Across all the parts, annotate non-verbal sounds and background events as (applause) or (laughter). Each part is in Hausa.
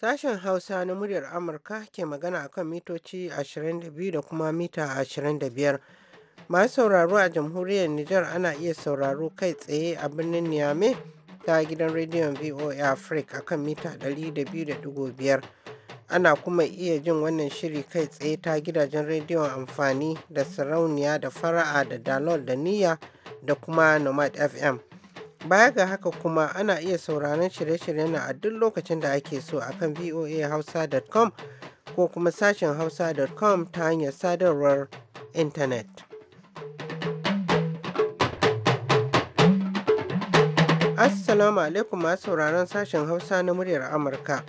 Sashen Hausa na muryar Amurka ke magana akan mitoci 22 da kuma mita 25. Masu sauraro a jamhuriyar Nijar ana iya sauraro kai tsaye a birnin Niamey ta gidan rediyon VOA Africa akan mita 200.5. Ana kuma iya jin wannan shiri kai tsaye ta gidajen rediyon amfani da sarauniya da fara'a da dalol da Niya da kuma Nomad FM. Baya ga haka kuma ana iya sauraron shirye shirye na a duk lokacin da ake so a kan voahausa.com ko kuma sashen hausa.com ta hanyar sadarwar intanet. Assalamu alaikum masu sauraron sashen hausa na muryar Amurka.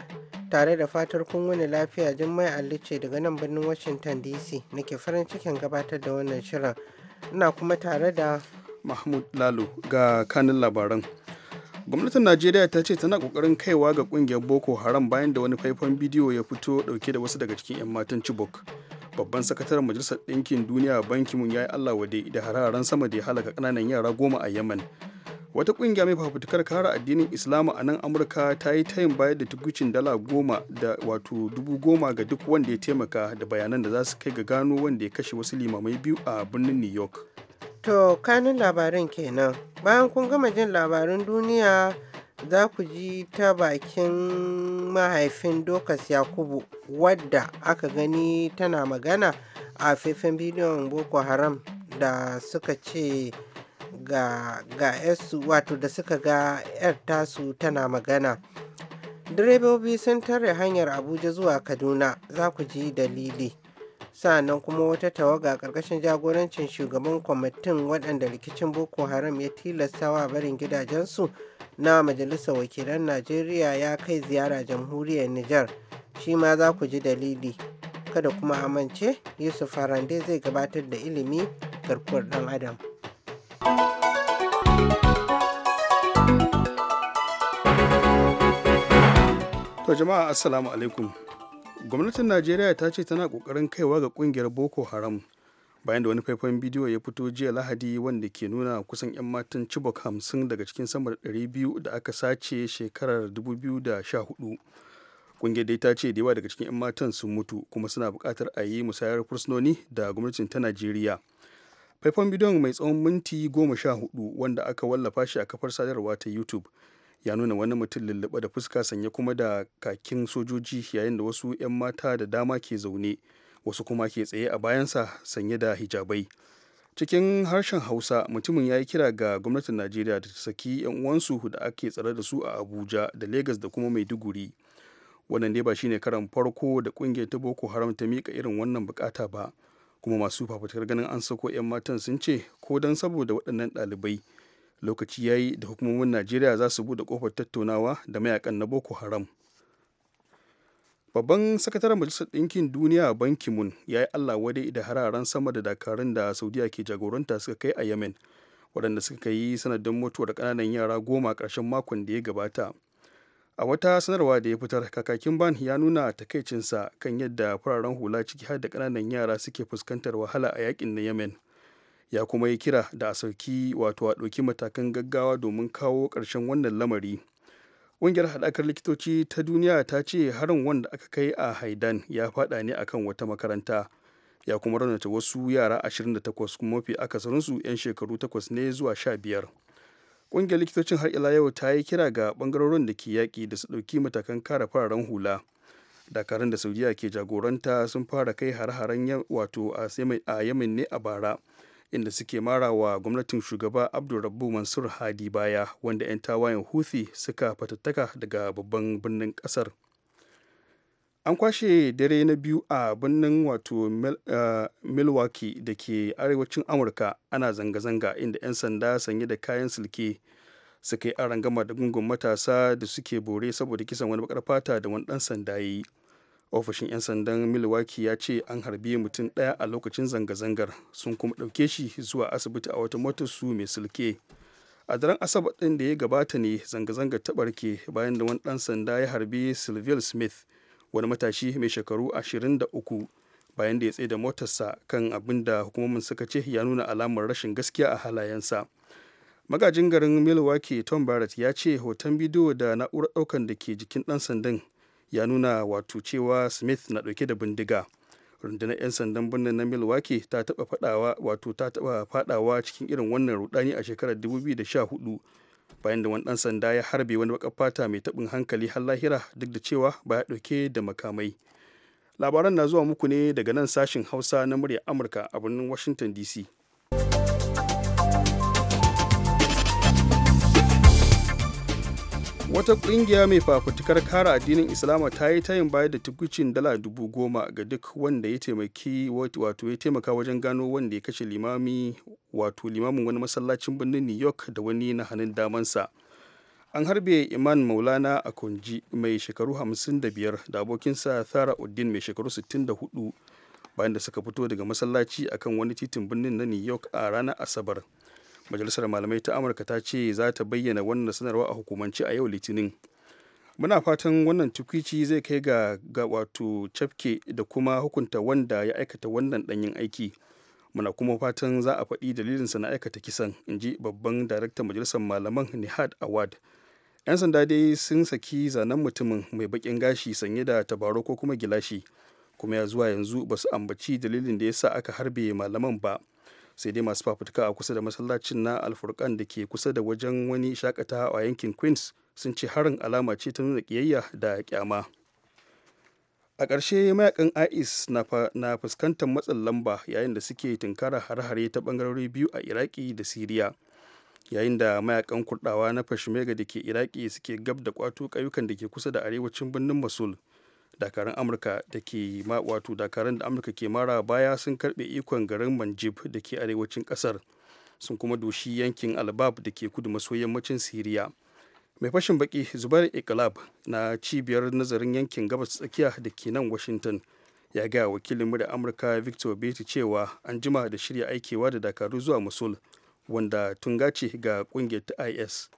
Tare da fatar kun wani lafiya Jummai Ali ce daga nan birnin Washington DC nake farin cikin gabatar da wannan shirin. Ina kuma tare da mahmud lalo ga kanin labaran gwamnatin najeriya ta ce tana kokarin kaiwa ga kungiyar boko haram bayan da wani faifan bidiyo ya fito dauke da wasu daga cikin 'yan matan chibok babban sakataren majalisar ɗinkin duniya banki mun ya yi allah wade da hararen sama da ya halaka kananan yara goma a yaman wata kungiya mai fafutukar kare addinin islamu a nan amurka ta yi tayin bayar da tukucin dala goma da wato dubu goma ga duk wanda ya taimaka da bayanan da za su kai ga gano wanda ya kashe wasu limamai biyu a birnin new york To kanin labarin kenan. Bayan kun gama jin labarin duniya za ku ji ta bakin mahaifin Dokas Yakubu wadda aka gani tana magana a faifin bidiyon Boko Haram da suka ce ga ga yasu wato da suka ga 'yar tasu tana magana. Direbobi sun tare hanyar Abuja zuwa Kaduna za ku ji dalili. sa'annan kuma wata tawaga ƙarƙashin jagorancin shugaban kwamitin waɗanda rikicin boko haram ya tilastawa barin gidajensu na majalisar wakilan najeriya ya kai ziyara jamhuriyar niger shi ma za ku ji dalili kada kuma amince yusuf harande zai gabatar da ilimi garkuwar ɗan adam to jama'a assalamu alaikum gwamnatin najeriya ta ce tana kokarin kaiwa ga kungiyar boko haram bayan da wani faifan bidiyo ya fito jiya lahadi wanda ke nuna kusan 'yan matan chibok hamsin daga cikin sama da biyu da aka sace shekarar sha hudu kungiyar dai ta ce da yawa daga cikin 'yan matan sun mutu kuma suna bukatar a yi musayar fursunoni da gwamnatin ta najeriya faifan bidiyon mai tsawon minti goma sha hudu wanda aka wallafa shi a kafar sadarwa ta youtube ya nuna wani mutum lullube da fuska sanye kuma da kakin sojoji yayin da wasu 'yan mata da dama ke zaune wasu kuma ke tsaye a bayansa sanye da hijabai cikin harshen hausa mutumin ya yi kira ga gwamnatin najeriya da ta saki 'yan uwansu da ake tsare da su a abuja da lagos da kuma maiduguri wannan dai ba shine karan farko da kungiyar ta boko haram ta mika irin wannan bukata ba kuma masu fafutukar ganin an sako 'yan matan sun ce ko don saboda waɗannan ɗalibai lokaci ya yi da hukumomin najeriya za su buɗe kofar tattaunawa da mayakan na boko haram babban sakataren majalisar ɗinkin duniya ban kimun ya yi allah wadai da hararen sama da dakarun da saudiya ke jagoranta suka kai a yemen waɗanda suka yi sanadin mutuwar ƙananan yara goma ƙarshen makon da ya gabata a wata sanarwa da ya fitar kakakin ban ya nuna takaicinsa kan yadda fararen hula ciki har da ƙananan yara suke fuskantar wahala a yakin na yemen ya kuma yi kira da a sauki wato a ɗauki matakan gaggawa domin kawo ƙarshen wannan lamari ƙungiyar haɗakar likitoci ta duniya ta ce harin wanda aka kai a haidan ya faɗa ne akan wata makaranta ya kuma raunata wasu yara 28 kuma mafi akasarinsu 'yan shekaru 8 ne zuwa 15 ƙungiyar likitocin har ila yau ta yi kira ga ɓangarorin da ke yaƙi da su ɗauki matakan kare fararen hula dakarun da saudiya ke jagoranta sun fara kai hare-haren wato a yamin ne a bara inda suke mara wa gwamnatin shugaba rabbu mansur hadi baya wanda 'yan tawayen huthi suka fatattaka daga babban birnin kasar an kwashe dare na biyu a birnin wato eh, milwaki da ke arewacin amurka ana zanga-zanga inda 'yan sanda sanye da kayan silke suka yi arangama da gungun matasa da suke bore saboda kisan wani bakar fata da wani dan sanda ya yi ofishin 'yan sandan milwaukee ya ce an harbi mutum ɗaya a lokacin zanga-zangar sun kuma ɗauke shi zuwa asibiti a wata motar su mai sulke a daren asabar ɗin da ya gabata ne zanga-zangar ta ɓarke bayan da wani ɗan sanda ya harbi sylvia smith wani matashi mai shekaru 23 bayan da ya tsaye da motarsa kan abin da hukumomin suka ce ya nuna alamar rashin gaskiya a halayensa magajin garin milwaukee tom barrett ya ce hoton bidiyo da na'urar ɗaukar da ke jikin ɗan sandan ya nuna wato cewa smith na dauke da bindiga rundunar 'yan sandan birnin na milwaukee ta taba fadawa wato ta taba fadawa cikin irin wannan rudani a shekarar 2014 bayan da wani dan sanda ya harbe wani bakar fata mai taɓin hankali har lahira duk da cewa ba ya ɗauke da makamai labaran na zuwa muku ne daga nan sashin hausa na murya amurka a birnin washington dc wata kungiya mai fafutukar kara addinin islama ta yi tayin bayar da tukucin dala dubu goma ga duk wanda ya taimaki wato ya taimaka wajen gano wanda ya kashe limami wato limamin wani masallacin birnin new york da wani na hannun damansa an harbe iman maulana a kunji mai shekaru 55 da abokinsa thara uddin mai shekaru 64 bayan da suka fito daga masallaci akan wani titin birnin na new york a ranar asabar majalisar malamai ta amurka ta ce za ta bayyana wannan sanarwa a hukumance a yau litinin muna fatan wannan tukwici zai kai ga, ga wato cafke da kuma hukunta wanda ya aikata wannan ɗanyen aiki muna kuma fatan za a faɗi dalilin sa na aikata kisan in ji babban daraktan majalisar malaman nihad awad 'yan sanda dai sun saki zanen mutumin mai bakin gashi sanye da tabaro ko kuma gilashi kuma ya zuwa yanzu ba su ambaci dalilin da ya sa aka harbe malaman ba sai dai masu fafutuka a kusa da masallacin na alfurkan da ke kusa da wajen wani shakata a yankin queens sun ce harin alama ce ta nuna kiyayya da kyama a ƙarshe mayakan is na fuskantar matsin lamba yayin da suke tunkara hare-hare ta bangarori biyu a iraki da siriya yayin da mayakan kurdawa na fashmega da ke iraki suke gab da kwato ƙauyukan da ke kusa da arewacin birnin mosul dakarun amurka da ke wato dakarun da amurka ke mara baya sun karbe ikon garin manjib da ke arewacin kasar sun kuma doshi yankin albab da ke kudu maso yammacin siriya mai fashin baki zubar iqlab na cibiyar nazarin yankin gabas tsakiya da ke nan washington ya gaya wakilin da amurka victor beti cewa an jima da shirya aikewa da dakaru zuwa mosul wanda tun gace ga kungiyar is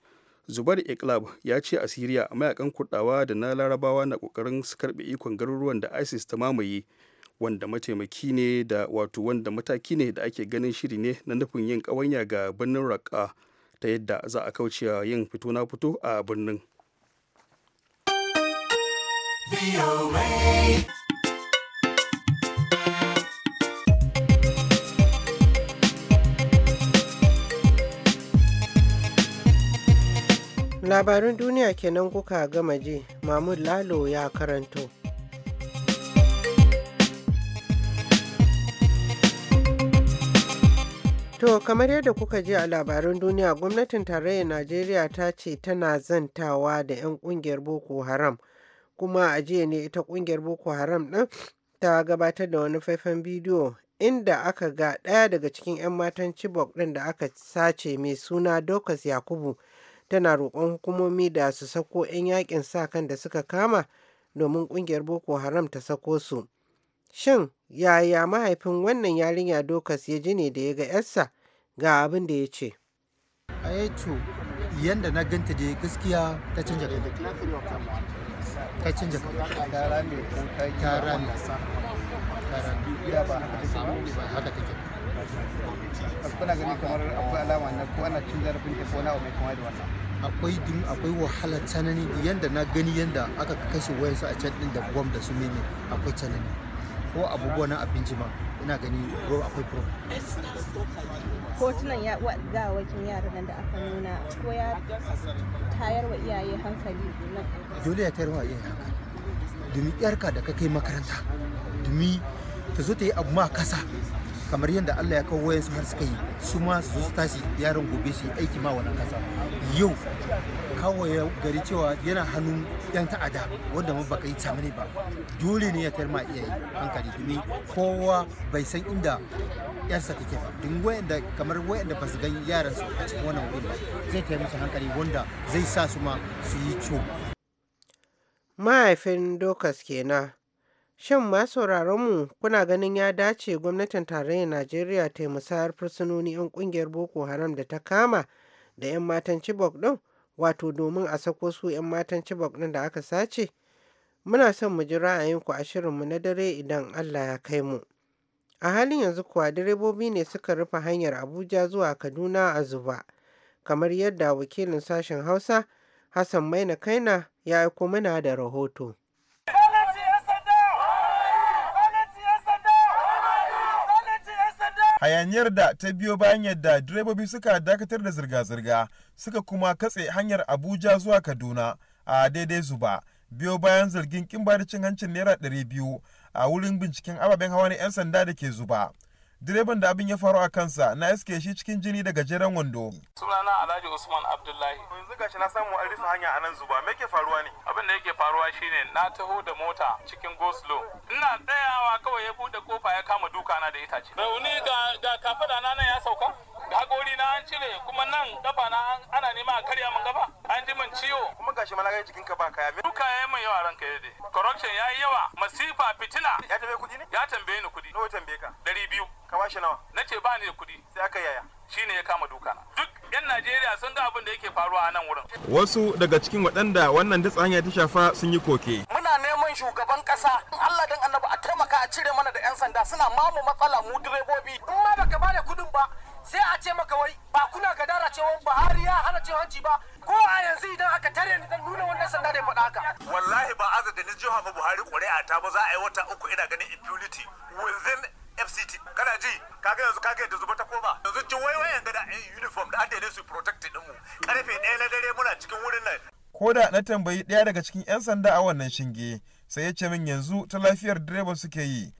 zubar iklab ya ce a siriya mayakan kurdawa da na larabawa na kokarin su karbe ikon garuruwan da isis ta mamaye wanda mataimaki ne da wato wanda mataki ne da ake ganin shiri ne na nufin yin kawanya ga birnin raqqa ta yadda za a kauce yin fito na fito a birnin. Labarin duniya kenan kuka gama je, Mamud Lalo ya karanto. To, kamar yadda kuka je a labarin duniya, gwamnatin tarayyar Najeriya ta ce tana zantawa da 'yan kungiyar Boko Haram. Kuma a jiya ne ita kungiyar Boko Haram ɗin ta gabatar da wani faifan bidiyo inda aka ga ɗaya daga cikin 'yan matan Chibok ɗin da aka sace mai suna Dokas Yakubu tana roƙon hukumomi da su sako 'yan yakin sa kan da suka kama domin ƙungiyar boko haram ta sako su shin yaya mahaifin wannan yarinya dokas ya ji ne da ya ga yarsa ga abin da ya ce ayato yadda na ganta da gaskiya ta canja kai ta canja kai ta ta ba haka kuna gani kamar akwai alama na ko ana cin zarafin ta ko na mai kuma da wannan akwai dun akwai wahala tsanani yanda na gani yanda aka kashe su a can din da gwam da su mene akwai tsanani ko abubuwa na abinci ma ina gani ko akwai problem kotunan ya ga wakin yara nan da aka nuna ko ya tayar wa iyaye hankali nan dole ya tayar wa iyaye hankali domin yarka da ka kai makaranta domin ta zo ta yi abu ma kasa kamar yadda Allah ya kawo wayansu har suka yi su ma su su tashi yaron gobe shi aiki ma wannan kasa yau ya gari cewa yana hannun yan ta'ada wanda mun baka yi tamini ba dole ne ya tar ma iyaye hankali domin kowa bai san inda yarsa take ba din wayanda kamar wayanda ba su gan yaran su a cikin wannan wurin ba zai tar musu hankali wanda zai sa su ma su yi co. mahaifin dokas kenan Shan ma sauraronmu kuna ganin ya dace gwamnatin tarayyar Najeriya ta yi musayar fursunoni 'yan kungiyar Boko Haram da ta kama da 'yan matan Chibok ɗin wato domin a sako su 'yan matan Chibok ɗin da aka sace? Muna son mu ji ra'ayinku a shirin mu na dare idan Allah ya kai mu. A halin yanzu kuwa direbobi ne suka rufe hanyar Abuja zuwa Kaduna a zuba, kamar yadda wakilin sashen Hausa Hassan Maina Kaina ya aiko mana da rahoto. hayaniyar da ta biyo bayan yadda direbobi suka dakatar da zirga-zirga suka kuma katse hanyar abuja zuwa kaduna a daidai zuba biyo bayan zargin kimba da cin hancin naira 200 a wurin binciken ababen hawa na 'yan sanda da ke zuba direban da abin ya faru a kansa na iske shi cikin jini da gajeren wando. sunana alhaji usman abdullahi yanzu gashi na samu an rufe hanya a nan zuba me ke faruwa ne abin da yake faruwa shine na taho da mota cikin goslo ina tsayawa kawai ya bude kofa ya kama duka na da itace rauni ga ga kafada na nan ya sauka hakori na an cire kuma nan gaba na ana nema a karya min gaba. an ji min ciwo kuma gashi malaga jikin ka ba kaya duka yayi min yawa ranka yade corruption yayi yawa masifa fitina ya tambaye kudi ne ya tambaye ni kudi nawa tambaye ka 200 ka bashi nawa nace ba ni da kudi sai aka yaya shine ya kama duka na duk yan Najeriya sun ga abin da yake faruwa a nan wurin wasu daga cikin waɗanda wannan datsa hanya ta shafa sun yi koke muna neman shugaban kasa in Allah dan annabi a taimaka a cire mana da yan sanda suna mamu matsala mu direbobi in ma baka bada kudin ba sai a ce maka wai ba kuna gadara cewa Buhari ya hana cin hanci ba ko a yanzu idan aka tare ni dan nuna wannan sanda da faɗa haka wallahi ba azar da ni jiha ba Buhari ƙuri'a ta ba za a yi wata uku ina ganin impunity within FCT kana ji kaga yanzu kaga yadda zuba ta ba yanzu jin waiwayen gada a uniform da ake su protect din mu karfe ɗaya na dare muna cikin wurin nan ko da na tambayi ɗaya daga cikin 'yan sanda a wannan shinge sai ya ce min yanzu ta lafiyar direban suke yi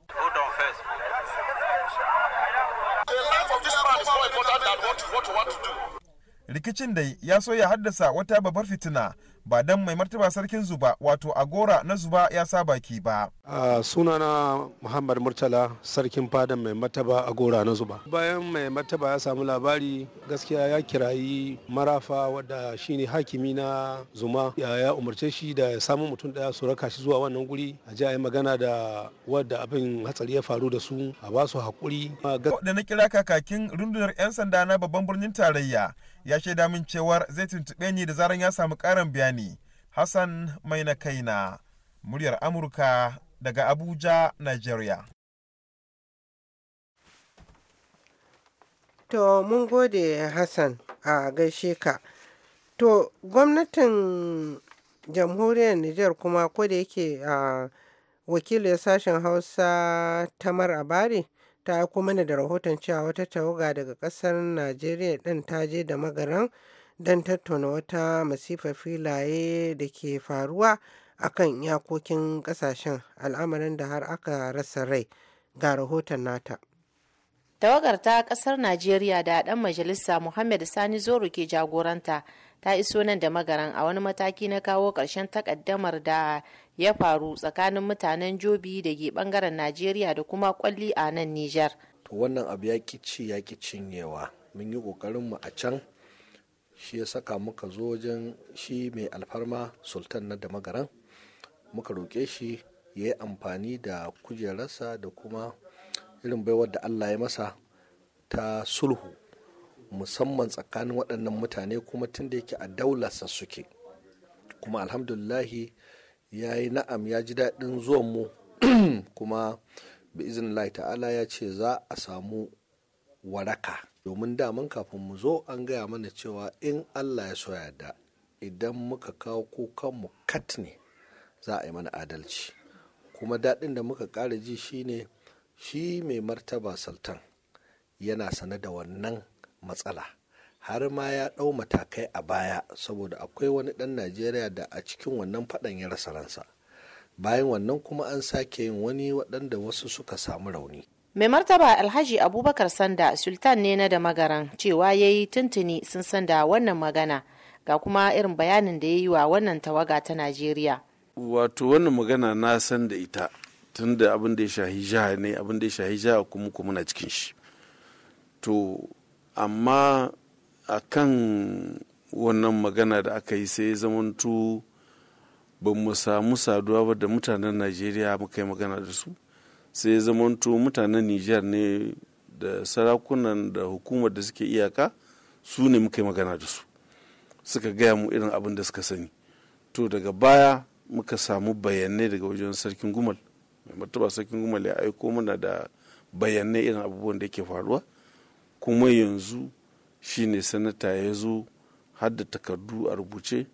Rikicin da ya so ya haddasa wata babbar fitina ba dan mai martaba sarkin zuba wato agora na zuba ya sa baki ba. sunana muhammad murtala sarkin fadan mai martaba agora na zuba bayan mai martaba ya samu labari gaskiya ya kirayi marafa wadda shine hakimi na zuma ya, ya umarce shi da ya samu mutum daya su raka shi zuwa wannan guri a ji a magana da wadda abin hatsari ya faru da su a ba su haƙuri. da na kira kakakin rundunar 'yan sanda na babban birnin tarayya ya shaida min cewar zai tuntuɓe ni da zaran ya samu ƙarin bayani bayani Hassan mai na kaina muryar Amurka daga Abuja, Nigeria. To mun gode Hassan a gaishe ka. To gwamnatin jamhuriyar Nijar kuma ko da yake a wakilin sashen Hausa Tamar Abari ta aiko mana da rahoton cewa wata tawaga daga kasar Najeriya din ta je da magaran don tattauna wata masifar filaye da ke faruwa a kan iyakokin kasashen al'amarin da har aka rasa rai ga rahoton nata. tawagar ta kasar najeriya da ɗan majalisa muhammad sani zoro ke jagoranta ta iso nan da magaran a wani mataki na kawo ƙarshen takaddamar da ya faru tsakanin mutanen jobi da ke bangaren najeriya da kuma kwalli a nan nijar wannan abu ya ci ya cinyewa mun yi ƙoƙarin mu a can shi ya saka muka zo wajen shi mai alfarma sultan na da magaran muka roƙe shi ya yi amfani da kujerarsa da kuma irin baiwar da allah ya masa ta sulhu musamman tsakanin waɗannan mutane kuma tun da yake a daularsa suke kuma alhamdulillahi ya yi na'am ya ji daɗin zuwan mu (clears throat) kuma bi izinin ta'ala ya ce za a samu waraka domin daman kafin mu zo an gaya mana cewa in allah ya soya da idan muka kawo kukanmu kat ne za a yi mana adalci kuma daɗin da muka ƙara ji shine shi mai martaba sultan yana sane da wannan matsala har ma ya ɗau matakai a baya saboda akwai wani ɗan najeriya da a cikin wannan faɗan ya rasa ransa bayan wannan kuma an sake yin wani waɗanda wasu suka samu rauni mai martaba alhaji abubakar sanda sultan ne na da magaran cewa ya yi tuntuni sun sanda wannan magana ga kuma irin bayanin da ya yi wa wannan tawaga ta najeriya wato wannan magana na san da ita tun da abin da ya shahi jiha ne abin da ya shahi jiha kuma kuma na cikin shi to amma a kan wannan magana da aka yi sai zamantu ba mu samu saduwa ba da mutanen najeriya muka yi magana da su sai zamanto mutanen niger ne da sarakunan da hukumar da suke iyaka su ne muka yi magana da su suka gaya mu irin abin da suka sani to daga baya muka samu bayanai daga wajen sarkin gumal mai martaba sarkin gumal ya aiko mana da bayanai irin abubuwan da ke faruwa kuma yanzu shine sanata ya zo har da takardu a rubuce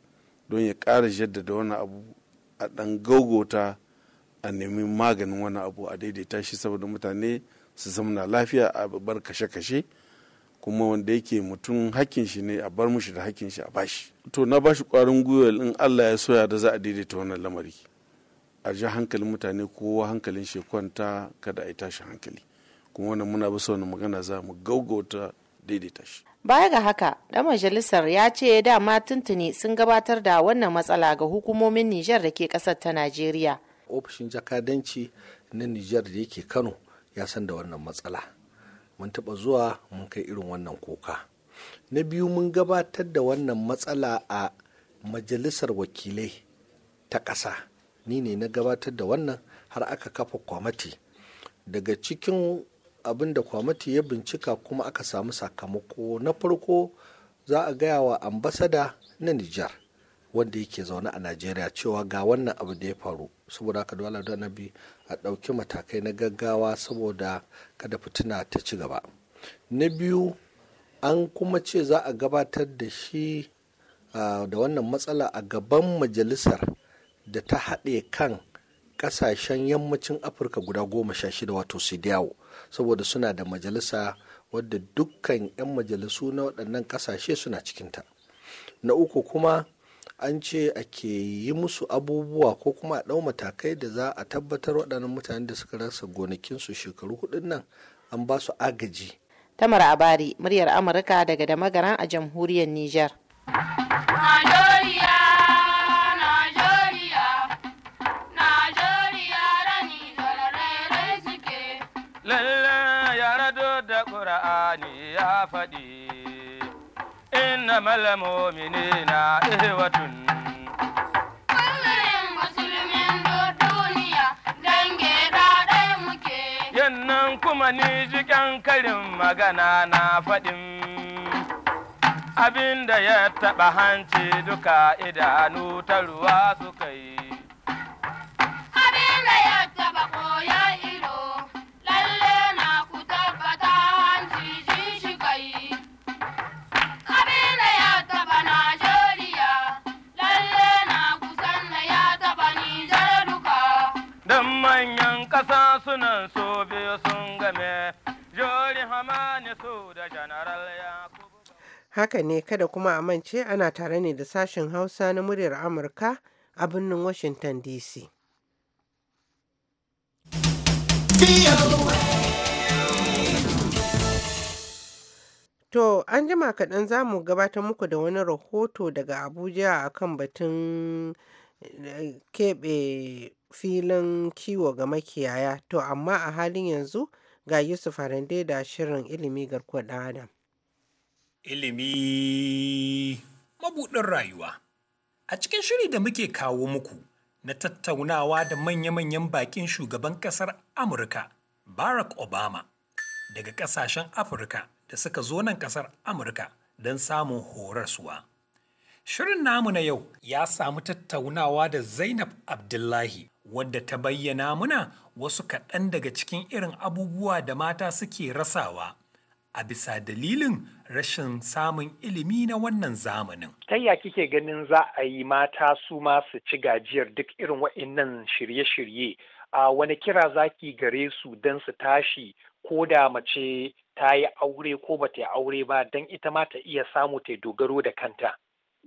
don ya ƙara jaddada wani abu a ɗan gaugota. a nemi maganin wani abu a daidaita shi saboda mutane su zamana lafiya a bar kashe-kashe kuma wanda yake mutum hakkin shi ne a bar mushi da hakkin shi a bashi to na bashi kwarin gwiwa in Allah ya soya da za a daidaita wannan lamari a ji hankalin mutane kowa hankalin shi kwanta kada a yi tashi hankali kuma wannan muna bisa wani magana za mu gaugauta daidaita shi baya ga haka dan majalisar ya ce dama tuntuni sun gabatar da wannan matsala ga hukumomin Nijar da ke kasar ta Najeriya ofishin jakadanci na Nijar da yake Kano ya san da wannan matsala. Mun taɓa zuwa mun kai irin wannan kuka. Na biyu mun gabatar da wannan matsala a majalisar wakilai ta ƙasa. Ni ne na gabatar da wannan har aka kafa kwamati. Daga cikin abin da kwamati ya bincika kuma aka samu sakamako na farko za a gaya wa ambasada na Nijar. wanda yake zaune a najeriya cewa ga wannan abu da ya faru saboda haka dole da nabi a ɗauki matakai na gaggawa saboda kada fitina ta ci gaba na biyu an kuma ce za a gabatar da shi da wannan matsala a gaban majalisar da ta haɗe kan ƙasashen yammacin afirka guda goma sha shida wato sidiyawo saboda suna da majalisa wadda dukkan 'yan majalisu na waɗannan ƙasashe suna cikinta na uku kuma an ce ake yi musu abubuwa ko kuma a ɗau matakai da za a tabbatar waɗannan mutanen da suka rasa gonakinsu shekaru hudun nan an ba su agaji. Tamar Abari, muryar Amurka daga da magaran a jamhuriyar Nijar. Lalle rado da ƙura'ani ya faɗi إنما المؤمنين إخوة Yannan kuma ni jikin karin magana na faɗin abinda ya taɓa hanci duka idanu ta ruwa suka yi. Haka ne kada kuma a mance ana tare ne da sashen Hausa na muryar Amurka a birnin Washington DC. To, an jima kaɗan za mu gabatar muku da wani rahoto daga Abuja a kan batun eh, keɓe filin kiwo ga makiyaya. To, amma a halin yanzu ga Yusuf Harande da shirin ilimi garkuwar ɗan Adam. Ilimi mabuɗin rayuwa. A cikin shiri da muke kawo muku na tattaunawa da manya-manyan baƙin shugaban ƙasar Amurka, Barack Obama, daga ƙasashen Afirka da suka zo nan ƙasar Amurka don samun horarsuwa. Shirin namu na yau ya samu tattaunawa da Zainab Abdullahi, wadda ta bayyana muna wasu kaɗan daga cikin irin abubuwa da mata suke rasawa a bisa dalilin rashin samun ilimi na wannan zamanin. Ta ya kike ganin za a yi mata su ma su ci gajiyar duk irin wa'innan shirye-shirye a wani kira zaki gare su don su tashi ko da mace ta yi aure ko ba ta yi aure ba don ita ma ta iya samu ta dogaro da kanta.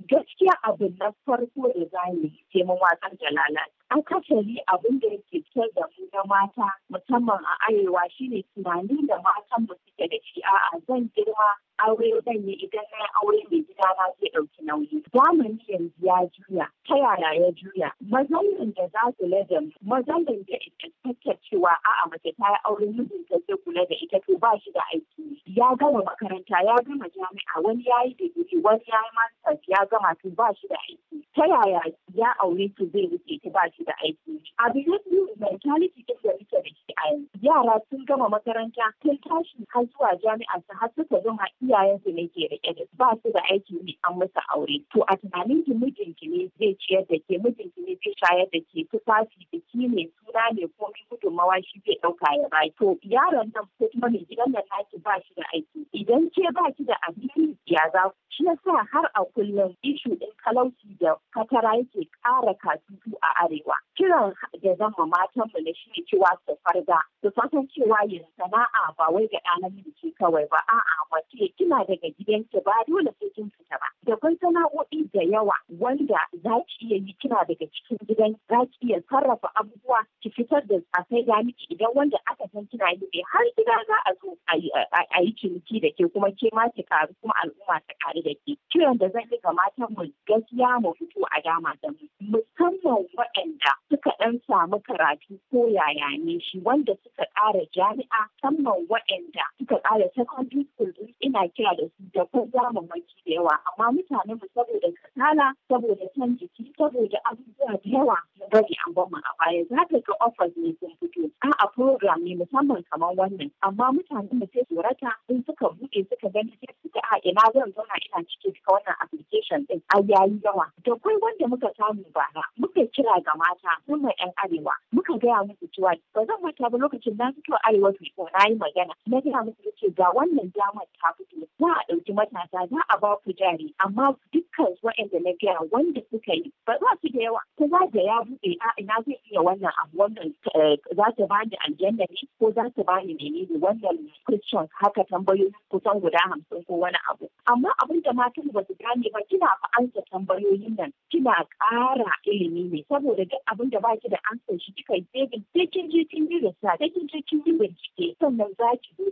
Gaskiya abu na farko da za mu yi sai watsar da lalata. ni abin da yake fitar da mu na mata musamman a arewa shine tunani da matan mu suke da shi a'a zan girma aure zan yi idan na aure mai gida na zai ɗauki nauyi. Zamani yanzu ya juya, ta yaya ya juya. Mazaunin da za su da mazaunin da ita cewa a'a mace ta yi aure ta zai kula da ita to ba shi da aiki. Ya gama makaranta, ya gama jami'a, wani ya yi digiri, wani ya yi masters, ya gama to ba shi da aiki. Ta yaya ya aure ki zai wuce ki ba shi su da aiki. A biyu ta da muke da shi a yanzu. Yara sun gama makaranta sun tashi har zuwa jami'a su har suka zama iyayensu ne ke rike da ba su da aiki ne an masa aure. To a tunanin ki mijinki ne zai ciyar da ke mijinki ne zai shayar da ke tufafi da ki ne suna ne komai gudunmawa shi zai ɗauka ya ba. To yaron nan ko kuma mai gidan da naki ba shi da aiki. Idan ke ba shi da abin ya za ku. Shi sa har a kullum ishu ɗin kalauci da fatara yake ƙara kasutu a arewa. kiran da zan ma matan mu na shine cewa su farga su fatan cewa yin sana'a ba wai ga ɗan namiji kawai ba a'a mace kina daga gidanki ba dole sai kin fita ba da kun sana'o'i da yawa wanda za ki iya yi kina daga cikin gidan za ki iya sarrafa abubuwa ki fitar da a sai ga miki idan wanda aka san kina yi ne har gida za a zo a yi ciniki da ke kuma ke ma ki karu kuma al'umma ta karu da ke kiran da zan yi ga matan mu gaskiya mu fito a dama da mu musamman waɗanda suka ɗan samu karatu ko yaya ne shi wanda suka ƙara jami'a musamman waɗanda suka ƙara secondary school ina kira da su da ko zamamaki da yawa amma mutanen mu saboda kasala saboda can jiki saboda abubuwa da yawa da bari an gwamma a baya za ka ga offers ne sun fito a'a program ne musamman kamar wannan amma mutanen mu sai tsorata in suka buɗe suka gani sai suka a ina zan zauna ina cike duka wannan application din a yayi yawa da kai wanda muka samu bara muka kira ga mata mun mai yan arewa muka gaya musu cewa ba zan manta ba lokacin na fito arewa su ko na yi magana na gaya musu ce ga wannan damar ta fito za a ɗauki matasa za a ba ku jari amma dukkan waɗanda na gaya wanda suka yi ba za su da yawa ko za da ya buɗe a ina zai iya wannan abu wannan eh, za ta ba ni aljanna ne ko za ta ba ni menene wannan christian haka tambayoyi kusan guda hamsin ko wani abu amma abun da matan ba su gane ba kina fa ansa tambayoyin nan kina ƙara ilimi ne saboda duk abin da baki da ansa shi kika yi sai sai kin je kin yi rasa sai kin je kin yi bincike sannan za ki zo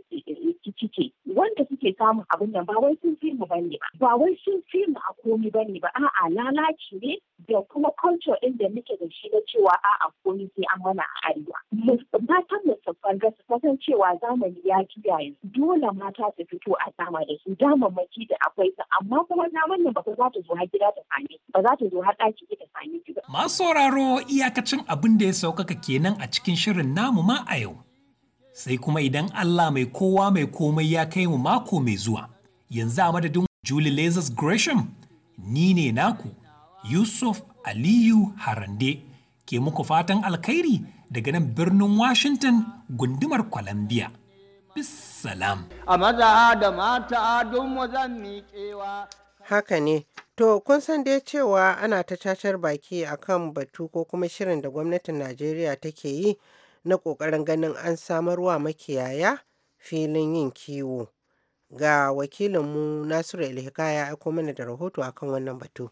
ki cike wanda suke samun abin nan ba wai sun fi mu bane ba ba wai sun fi mu a komi bane ba a'a lalaci ne da kuma culture ɗin da muke da shi na cewa a'a komi sai an mana a arewa. Matan da su farga su cewa zamani ya juya yanzu dole mata su fito a sama da su damammaki da akwai su amma kuma zaman nan ba za ta zo har gida ta sami ba za ta zo har ɗaki ta sami ki ba. Masu sauraro iyakacin abin da ya saukaka kenan a cikin shirin namu ma a yau. Sai kuma idan Allah mai kowa mai komai ya kai mu mako mai zuwa. Yanzu a madadin Julie Lazarus Gresham, ni ne naku Yusuf Aliyu Harande ke muku fatan alkhairi daga nan birnin Washington gundumar Columbia. Bissalam. A maza da mata don wazan miƙewa. Haka ne, to kun san dai cewa ana ta cacar baki a kan batu ko kuma shirin da gwamnatin Najeriya take yi na ƙoƙarin ganin an samarwa makiyaya filin yin kiwo. Ga wakilinmu Nasiru Ilhikaya ya aiko mana da rahoto akan wannan batu.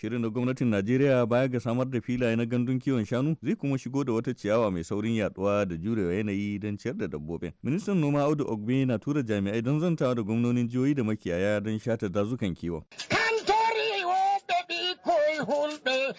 Shirin da gwamnatin Najeriya baya ga samar da filaye na gandun kiwon shanu zai kuma shigo da wata ciyawa mai saurin yaduwa da jurewa yanayi don ciyar da dabbobin. Ministan noma Audu Ogbe na tura jami'ai don zantawa da gwamnonin jihohi da makiyaya don shata dazukan kiwon. Kantori hulɗe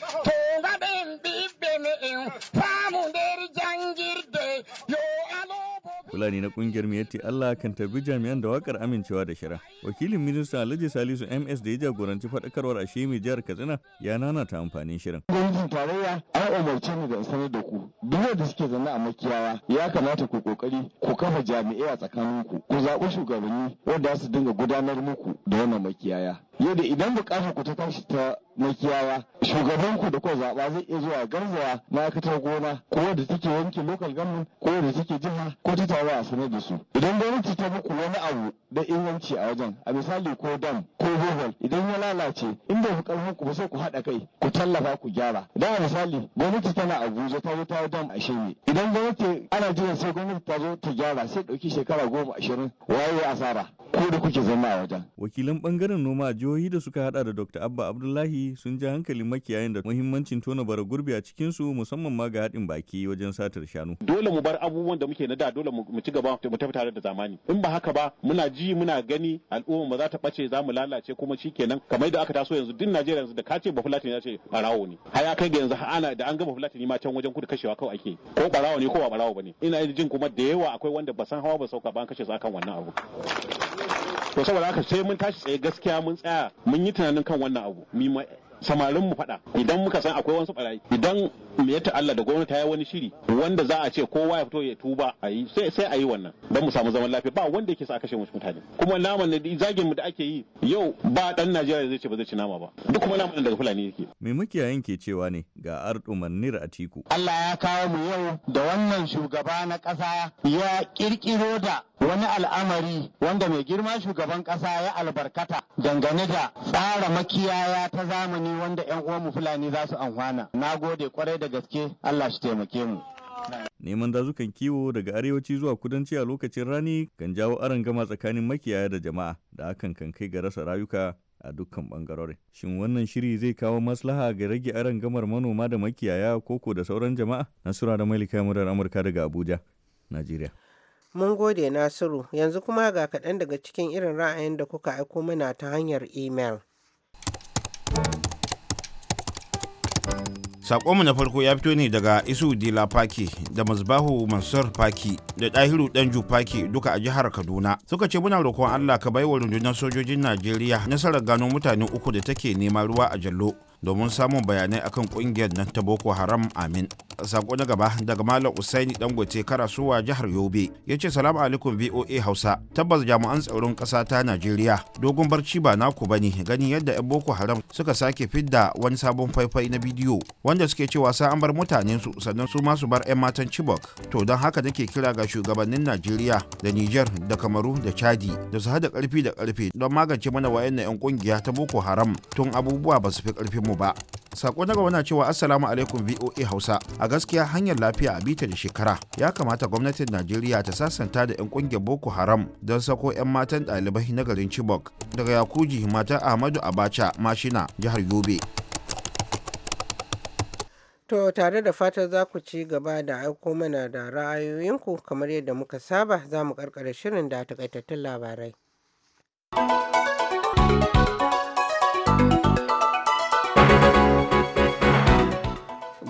Fulani na kungiyar Miyatti Allah kan tabbi jami'an da wakar amincewa da shari'a. Wakilin minista Alhaji Salisu MS da ya jagoranci faɗakarwar a Shemi jihar Katsina ya nana ta amfanin shirin. Gwamnatin tarayya an umarce ni da sanar da ku duk wanda suke zanne a makiyawa ya kamata ku kokari ku kafa jami'ai a tsakaninku ku zaɓi shugabanni wanda su dinga gudanar muku da wannan makiyaya. yadda idan bukatar ku ta tashi ta makiyawa shugaban ku da kuka zaba zai iya zuwa garzawa ma'aikatar gona ko da take yankin local government ko da take jiha ko ta tawo a sanar da su idan gwamnati ta muku wani abu da inganci a wajen a misali ko dam ko bohol idan ya lalace inda ku karfin ku sai ku haɗa kai ku tallafa ku gyara idan a misali gwamnati tana abuja ta zo ta dam a shirye idan gwamnati ana jiran sai gwamnati ta zo ta gyara sai dauki shekara goma ashirin waye asara ko da kuke zama a wajen Wakilin bangaren noma a jihohi da suka hada da Dr. Abba Abdullahi sun ji hankalin makiyayin da muhimmancin tona bara gurbi a cikin su musamman ma ga haɗin baki wajen satar shanu. Dole mu bar abubuwan da muke na da dole mu ci gaba mu tafi tare da zamani. In ba haka ba muna ji muna gani al'umma ba za ta ɓace za mu lalace kuma shikenan kamar da aka taso yanzu duk Najeriya yanzu da kace ce Bafulatani ya ce barawo ne. Har ya kai ga yanzu ana da an ga Bafulatani ma can wajen kudu kashewa kawai ake ko barawo ne ko ba barawo bane. Ina jin kuma da yawa akwai wanda ba san hawa ba sauka ba an kashe su akan wannan abu. to saboda haka sai mun tashi tsaye gaskiya mun tsaya mun yi tunanin kan wannan abu samarin mu faɗa idan muka san akwai wasu barayi idan me ya ta'alla da gwamnati ya wani shiri wanda za a ce kowa ya fito ya tuba a sai sai a yi wannan dan mu samu zaman lafiya ba wanda yake sa a kashe mutane kuma naman da zagin mu da ake yi yau ba dan Najeriya zai ce ba zai ci nama ba duk kuma naman daga Fulani yake me yayin ke cewa ne ga Ardu nir Atiku Allah ya kawo mu yau da wannan shugaba na kasa ya kirkiro da wani al'amari wanda mai girma shugaban ƙasa ya albarkata dangane da tsara makiyaya ta zamani wanda 'yan uwanmu Fulani za su amfana. Na gode kwarai da gaske Allah shi taimake mu. Neman dazukan kiwo daga arewaci zuwa kudanci a lokacin rani kan jawo aron gama tsakanin makiyaya da jama'a da hakan kan kai ga rasa rayuka a dukkan bangarorin. Shin wannan shiri zai kawo maslaha ga rage aron gamar manoma da makiyaya koko da sauran jama'a? Nasura da Malika Murar Amurka daga Abuja, Najeriya. Mun gode Nasiru, yanzu kuma ga kaɗan daga cikin irin ra'ayin da kuka aiko mana ta hanyar imel. Sakonmu na farko ya fito ne daga Isu Dila paki da mazbahu Mansur paki da Dahiru Danju paki duka a jihar Kaduna. Suka ce muna roƙon Allah ka baiwa rundunar sojojin Najeriya nasarar gano mutane uku da take nema ruwa a Jallo. domin samun bayanai akan kungiyar nan ta boko haram amin sako na gaba daga malam usaini dangote karasuwa jihar yobe ya ce salamu alaikum voa hausa tabbas jami'an tsaron ƙasa ta najeriya dogon barci ba naku ba ne gani yadda 'yan boko haram suka sake fidda wani sabon faifai na bidiyo wanda suke cewa sai an bar mutanen su sannan su ma su bar 'yan matan chibok to don haka nake kira ga shugabannin najeriya da niger da kamaru da chadi da su hada karfi da karfi don magance mana wayannan 'yan kungiya ta boko haram tun abubuwa ba su fi karfin mu ba sako na gaba na cewa assalamu alaikum voa hausa a gaskiya hanyar lafiya a bita da shekara ya kamata gwamnatin najeriya ta sasanta da 'yan kungiyar boko haram don sako 'yan matan ɗalibai na garin chibok daga yakuji mata ahmadu abacha mashina jihar yobe To tare da fatan za ku ci gaba da aiko mana da ra'ayoyinku kamar yadda muka saba za mu karkare shirin da takaitattun labarai.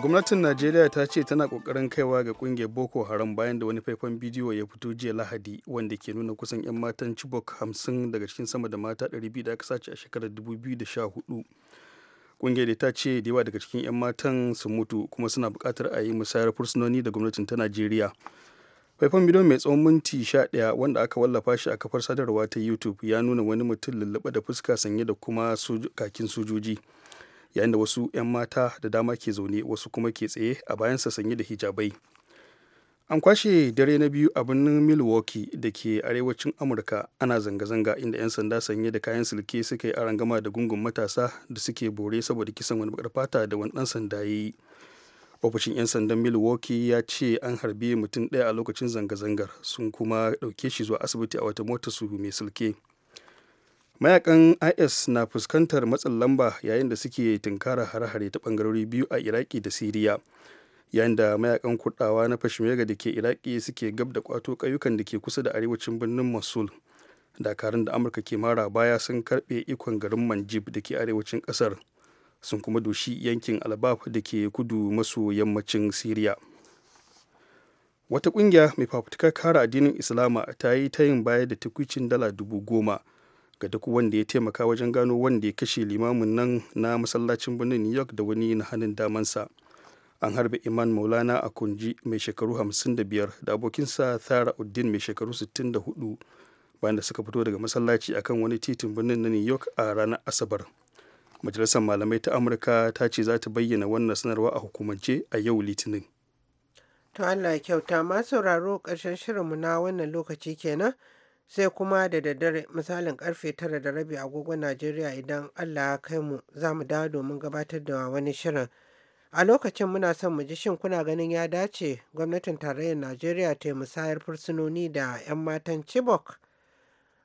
gwamnatin najeriya ta ce tana kokarin kaiwa ga kungiyar boko haram bayan da wani faifan bidiyo ya fito jiya lahadi wanda ke nuna kusan 'yan matan chibok 50 daga cikin sama da mata 200 da aka sace a shekarar 2014 kungiyar da ta ce da yawa daga cikin 'yan matan su mutu kuma suna bukatar a yi musayar fursunoni da gwamnatin ta najeriya faifan bidiyo mai tsawon minti 11 wanda aka wallafa shi a kafar sadarwa ta youtube ya nuna wani mutum lullube da fuska sanye da kuma kakin sojoji yayin da wasu 'yan mata da dama ke zaune wasu kuma ke tsaye a bayansa sanye da hijabai an kwashe dare na biyu a birnin milwaukee da ke arewacin amurka ana zanga-zanga inda 'yan sanda sanye da kayan silke suka yi arangama da gungun matasa da suke bore saboda kisan wani bakar fata da wani dan sanda ya yi ofishin 'yan sandan milwaukee ya ce an harbi mutum ɗaya a lokacin zanga-zangar sun kuma ɗauke shi zuwa asibiti a wata motar su mai silke mayakan is na fuskantar matsin lamba yayin da suke tunkara hare-hare ta bangarori biyu a iraki da siriya yayin da mayakan kurdawa na fashmega da ke iraki suke gab da kwato kayukan da ke kusa da arewacin birnin mosul dakarun da amurka ke mara baya sun karbe ikon garin manjib da ke arewacin kasar sun kuma doshi yankin albab da ke kudu maso yammacin siriya wata kungiya mai fafutukar kara addinin islama ta yi tayin baya da takwicin dala dubu goma ga duk wanda ya taimaka wajen gano wanda ya kashe limamin nan na masallacin birnin new york da wani na hannun damansa an harbe iman maulana a kunji mai shekaru 55 da abokinsa thara uddin mai shekaru 64 bayan da suka fito daga masallaci akan wani titin birnin na new york a ranar asabar majalisar malamai ta amurka ta ce za ta bayyana wannan sanarwa a hukumance a yau litinin to allah kyauta masu sauraro ƙarshen shirinmu na wannan lokaci kenan sai kuma da daddare misalin karfe tara da rabi agogon Najeriya idan Allah ya kai mu za mu dawo domin gabatar da wani shirin. A lokacin muna son mu ji shin kuna ganin ya dace gwamnatin tarayyar Najeriya ta yi musayar fursunoni da 'yan matan Chibok.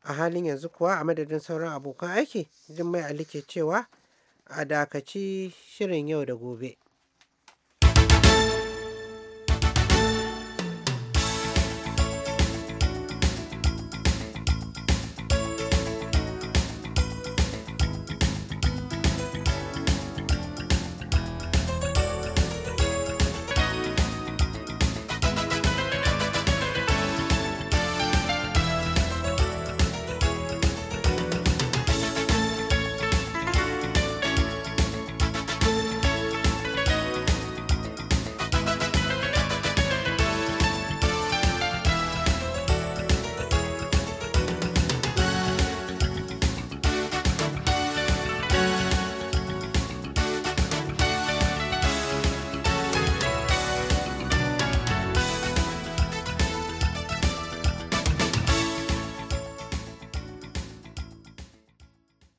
A halin yanzu kuwa a madadin sauran abokan aiki, Jummai Ali ke cewa a dakaci shirin yau da gobe.